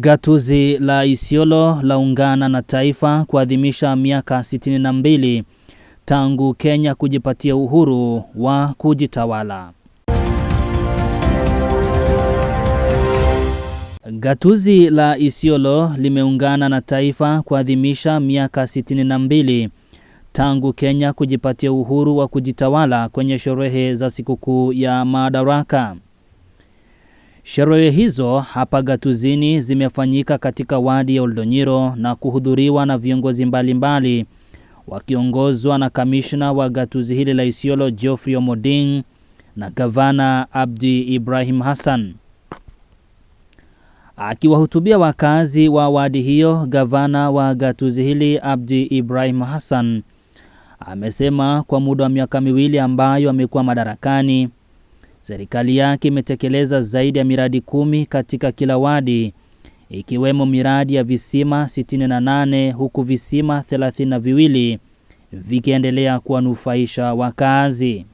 Gatuzi la Isiolo laungana na taifa kuadhimisha miaka 62 tangu Kenya kujipatia uhuru wa kujitawala. Gatuzi la Isiolo limeungana na taifa kuadhimisha miaka 62 tangu Kenya kujipatia uhuru wa kujitawala kwenye sherehe za sikukuu ya Madaraka. Sherehe hizo hapa Gatuzini zimefanyika katika wadi ya Oldonyiro na kuhudhuriwa na viongozi mbalimbali wakiongozwa na kamishna wa gatuzi hili la Isiolo Geoffrey Omoding na gavana Abdi Ibrahim Hassan. Akiwahutubia wakazi wa wadi hiyo, gavana wa gatuzi hili Abdi Ibrahim Hassan amesema kwa muda wa miaka miwili ambayo amekuwa madarakani Serikali yake imetekeleza zaidi ya miradi kumi katika kila wadi ikiwemo miradi ya visima 68 huku visima 32 vikiendelea kuwanufaisha wakazi.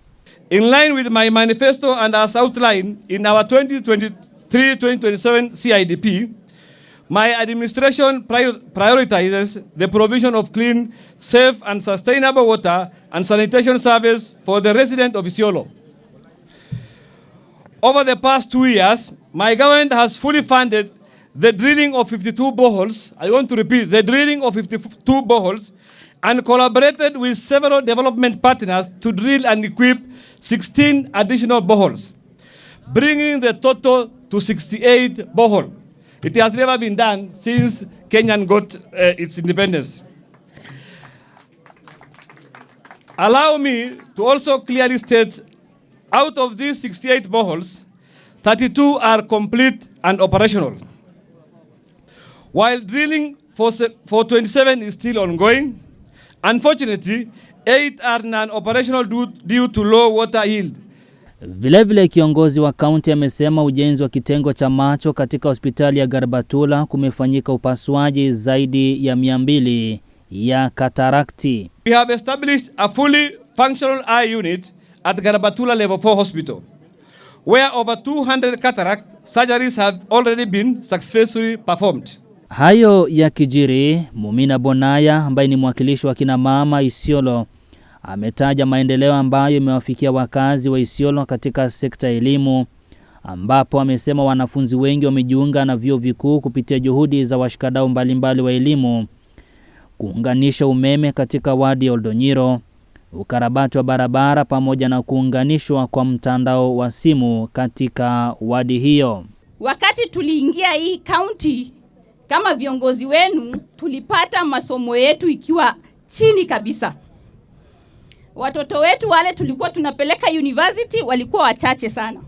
In line with my manifesto and as outlined in our 2023-2027 CIDP, my administration prioritizes the provision of clean, safe and sustainable water and sanitation service for the resident of Isiolo. Over the past two years, my government has fully funded the drilling of 52 boreholes. I want to repeat, the drilling of 52 boreholes and collaborated with several development partners to drill and equip 16 additional boreholes, bringing the total to 68 boreholes. It has never been done since Kenya got uh, its independence. Allow me to also clearly state Out of these 68 boreholes, 32 are complete and operational. While drilling for, for 27 is still ongoing, unfortunately, eight are non-operational due, due to low water yield. Vilevile vile kiongozi wa kaunti amesema ujenzi wa kitengo cha macho katika hospitali ya Garbatula kumefanyika upasuaji zaidi ya 200 ya katarakti. We have established a fully functional eye unit at Garabatula Level 4 Hospital, where over 200 cataract surgeries have already been successfully performed. Hayo ya kijiri, Mumina Bonaya ambaye ni mwakilishi wa kina mama Isiolo ametaja maendeleo ambayo imewafikia wakazi wa Isiolo katika sekta ya elimu ambapo amesema wanafunzi wengi wamejiunga na vyuo vikuu kupitia juhudi za washikadau mbalimbali wa elimu kuunganisha umeme katika wadi ya Oldonyiro ukarabati wa barabara pamoja na kuunganishwa kwa mtandao wa simu katika wadi hiyo. Wakati tuliingia hii kaunti kama viongozi wenu, tulipata masomo yetu ikiwa chini kabisa. Watoto wetu wale tulikuwa tunapeleka university walikuwa wachache sana.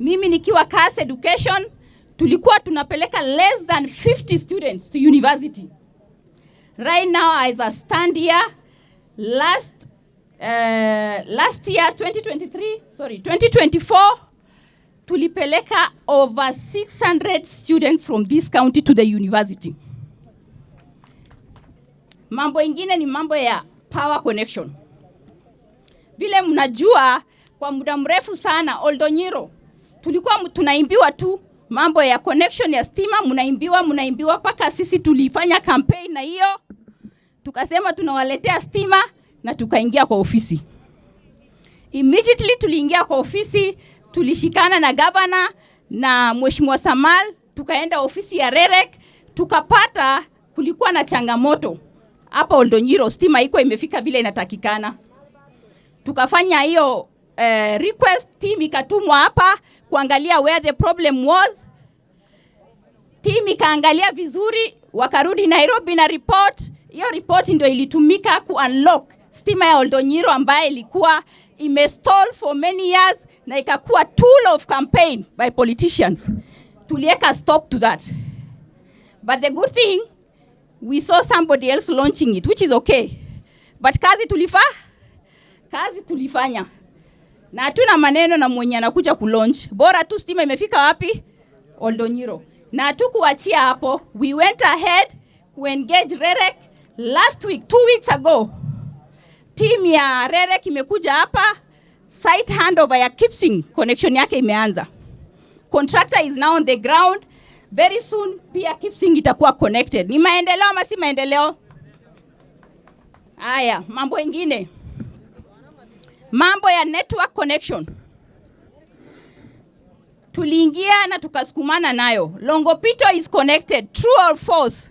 Mimi nikiwa CAS Education tulikuwa tunapeleka less than 50 students to university. Right now as I stand here last uh, last year 2023 sorry 2024 tulipeleka over 600 students from this county to the university. Mambo ingine ni mambo ya power connection. Vile mnajua kwa muda mrefu sana Oldonyiro tulikuwa tunaimbiwa tu mambo ya connection ya stima, mnaimbiwa mnaimbiwa, mpaka sisi tulifanya campaign na hiyo tukasema tunawaletea stima na tukaingia kwa ofisi. Immediately tuliingia kwa ofisi, tulishikana na gavana na Mheshimiwa Samal, tukaenda ofisi ya Rerek, tukapata kulikuwa na changamoto hapa Oldonyiro, stima iko imefika vile inatakikana. Tukafanya hiyo uh, request, team ikatumwa hapa kuangalia where the problem was. Team ikaangalia vizuri, wakarudi Nairobi na report hiyo ripoti ndio ilitumika ku unlock stima ya Oldonyiro ambayo ilikuwa imestall for many years na ikakuwa tool of campaign by politicians. Tuliweka stop to that. But the good thing we saw somebody else launching it which is okay. But kazi tulifa kazi tulifanya na hatuna maneno na mwenye anakuja ku launch, bora tu stima imefika wapi? Oldonyiro. Na tukuachia hapo, we went ahead engage REREC Last week, two weeks ago, team ya Rerek imekuja hapa, site handover ya Kipsing connection yake imeanza. Contractor is now on the ground. Very soon pia Kipsing itakuwa connected. Ni maendeleo ama si maendeleo? Aya, mambo mengine. Mambo ya network connection. Tuliingia na tukasukumana nayo. Longopito is connected, true or false?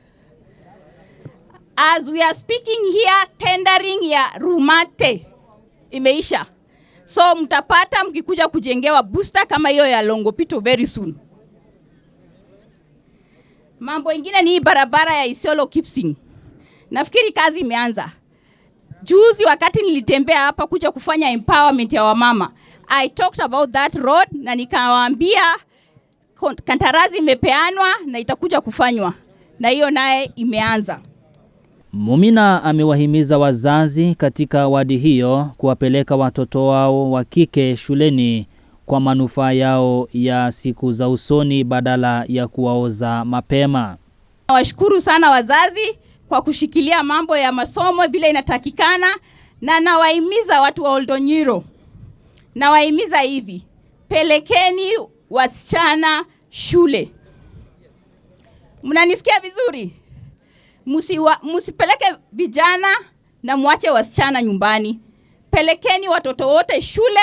As we are speaking here, tendering ya Rumate imeisha, so mtapata mkikuja kujengewa booster kama hiyo ya Longopito very soon. Mambo ingine ni barabara ya Isiolo Kipsing. Nafikiri kazi imeanza. Juzi wakati nilitembea hapa kuja kufanya empowerment ya wamama, I talked about that road na nikawaambia kantarazi imepeanwa na itakuja kufanywa, na hiyo naye imeanza. Mumina amewahimiza wazazi katika wadi hiyo kuwapeleka watoto wao wa kike shuleni kwa manufaa yao ya siku za usoni badala ya kuwaoza mapema. Nawashukuru sana wazazi kwa kushikilia mambo ya masomo vile inatakikana, na nawahimiza watu wa Oldonyiro, nawahimiza hivi, pelekeni wasichana shule. Mnanisikia vizuri? musiwa, musipeleke vijana na mwache wasichana nyumbani. Pelekeni watoto wote shule,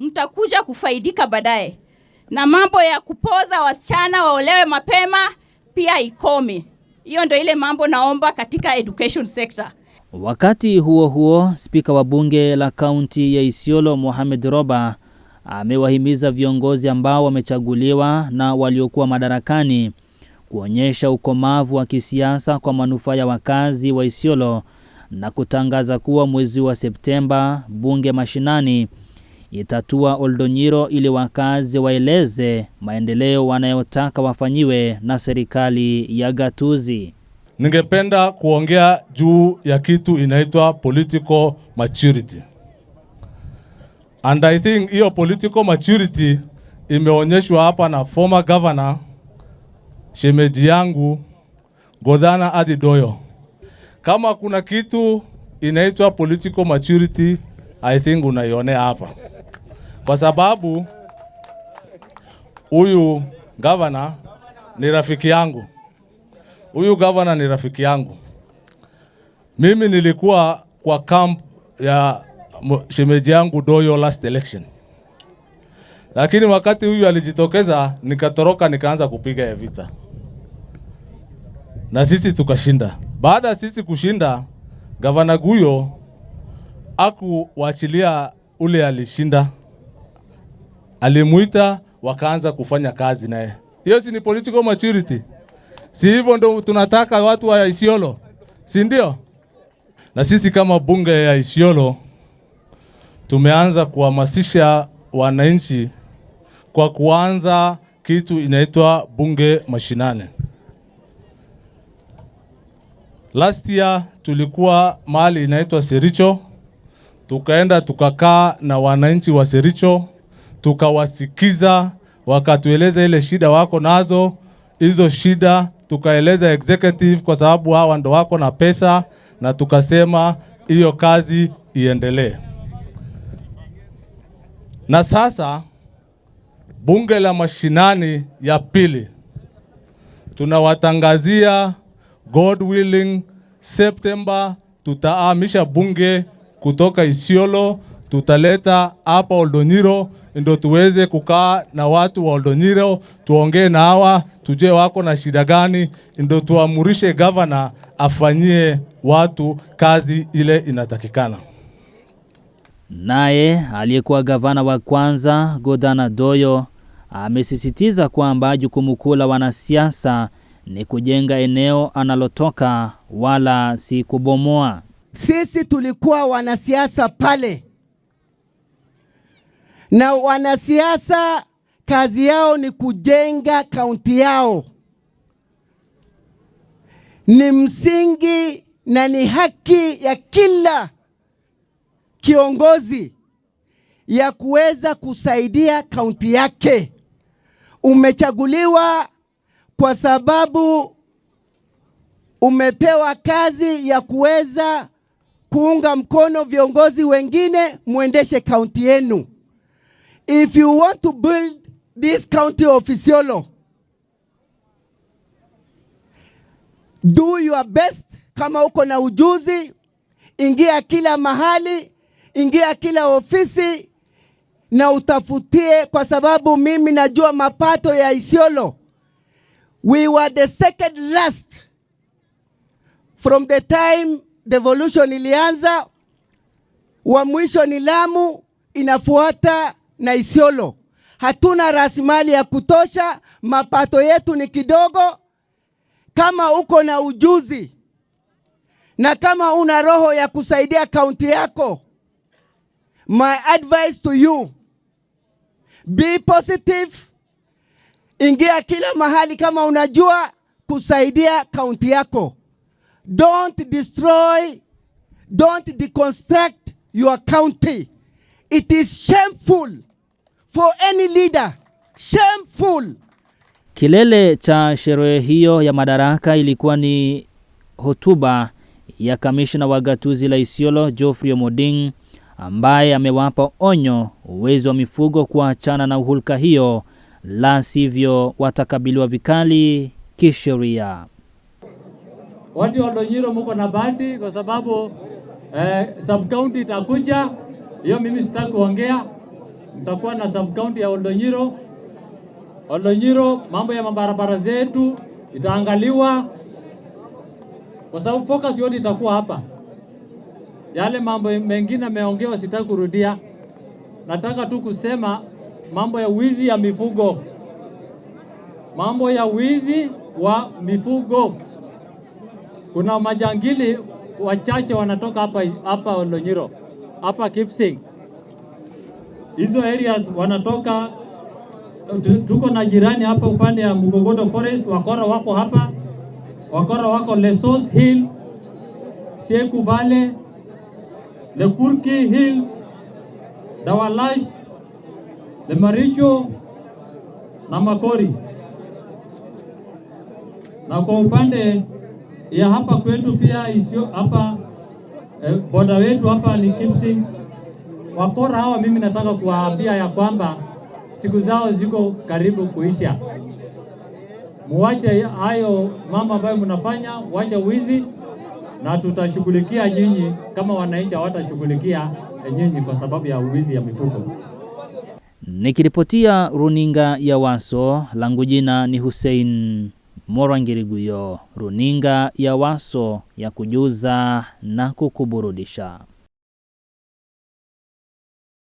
mtakuja kufaidika baadaye. Na mambo ya kupoza wasichana waolewe mapema pia ikome. Hiyo ndio ile mambo naomba katika education sector. Wakati huo huo, spika wa bunge la kaunti ya Isiolo Mohamed Roba amewahimiza viongozi ambao wamechaguliwa na waliokuwa madarakani kuonyesha ukomavu wa kisiasa kwa manufaa ya wakazi wa Isiolo na kutangaza kuwa mwezi wa Septemba bunge mashinani itatua Oldonyiro ili wakazi waeleze maendeleo wanayotaka wafanyiwe na serikali ya gatuzi. Ningependa kuongea juu ya kitu inaitwa political maturity. And I think hiyo political maturity imeonyeshwa hapa na former governor shemeji yangu Godhana Adi Doyo. Kama kuna kitu inaitwa political maturity, I think unaionea hapa, kwa sababu huyu gavana ni rafiki yangu, huyu gavana ni rafiki yangu. Mimi nilikuwa kwa camp ya shemeji yangu Doyo last election, lakini wakati huyu alijitokeza, nikatoroka nikaanza kupiga ya vita na sisi tukashinda. Baada ya sisi kushinda, gavana Guyo akuwachilia ule alishinda, alimuita wakaanza kufanya kazi naye. Hiyo si ni political maturity? Si hivyo ndo tunataka watu wa Isiolo, si ndio? Na sisi kama bunge ya Isiolo tumeanza kuhamasisha wananchi kwa kuanza kitu inaitwa bunge mashinani. Last year tulikuwa mahali inaitwa Sericho, tukaenda tukakaa na wananchi wa Sericho, tukawasikiza, wakatueleza ile shida wako nazo, hizo shida tukaeleza executive, kwa sababu hawa ndo wako na pesa, na tukasema hiyo kazi iendelee. Na sasa bunge la mashinani ya pili tunawatangazia God willing, September tutaamisha bunge kutoka Isiolo, tutaleta hapa Oldonyiro ndio tuweze kukaa na watu wa Oldonyiro, tuongee na hawa, tujue wako na shida gani, ndio tuamurishe gavana afanyie watu kazi ile inatakikana. Naye aliyekuwa gavana wa kwanza Godana Doyo amesisitiza kwamba jukumu kuu la wanasiasa ni kujenga eneo analotoka wala si kubomoa. Sisi tulikuwa wanasiasa pale, na wanasiasa kazi yao ni kujenga kaunti yao. Ni msingi na ni haki ya kila kiongozi ya kuweza kusaidia kaunti yake. Umechaguliwa kwa sababu umepewa kazi ya kuweza kuunga mkono viongozi wengine muendeshe kaunti yenu. If you want to build this county of Isiolo, do your best. Kama uko na ujuzi, ingia kila mahali, ingia kila ofisi na utafutie, kwa sababu mimi najua mapato ya Isiolo We were the second last from the time devolution ilianza. Wa mwisho ni Lamu, inafuata na Isiolo. Hatuna rasilimali ya kutosha, mapato yetu ni kidogo. Kama uko na ujuzi na kama una roho ya kusaidia kaunti yako, my advice to you, be positive Ingia kila mahali kama unajua kusaidia kaunti yako. Don't destroy, don't deconstruct your county. It is shameful for any leader. Shameful. Kilele cha sherehe hiyo ya madaraka ilikuwa ni hotuba ya kamishna wa gatuzi la Isiolo Geoffrey Omoding ambaye amewapa onyo uwezo wa mifugo kuachana na uhulka hiyo la sivyo watakabiliwa vikali kisheria. Watu wa Donyiro muko na bahati kwa sababu eh, sub county itakuja hiyo. Mimi sitaki kuongea, mtakuwa na sub county ya Ndonyiro. Ndonyiro mambo ya mabarabara zetu itaangaliwa kwa sababu focus yote itakuwa hapa. Yale mambo mengine ameongewa, sitaki kurudia, nataka tu kusema mambo ya wizi ya mifugo, mambo ya wizi wa mifugo. Kuna majangili wachache wanatoka hapa hapa Olonyiro, hapa Kipsing, hizo areas wanatoka. Tuko na jirani hapa upande ya Mugogodo Forest, wakora wako hapa, wakora wako Lesos Hill, Sieku Valley, Lekurki Hills, Dawalash Lemaricho na Makori, na kwa upande ya hapa kwetu pia isio hapa eh, boda wetu hapa ni Kipsi. Wakora hawa mimi nataka kuwaambia ya kwamba siku zao ziko karibu kuisha. Muwache hayo mambo ambayo mnafanya, wacha wizi na tutashughulikia nyinyi kama wananchi hawatashughulikia eh, nyinyi kwa sababu ya wizi ya mifugo. Nikiripotia runinga ya Waso, langu jina ni Hussein Morangiriguyo, runinga ya Waso ya kujuza na kukuburudisha.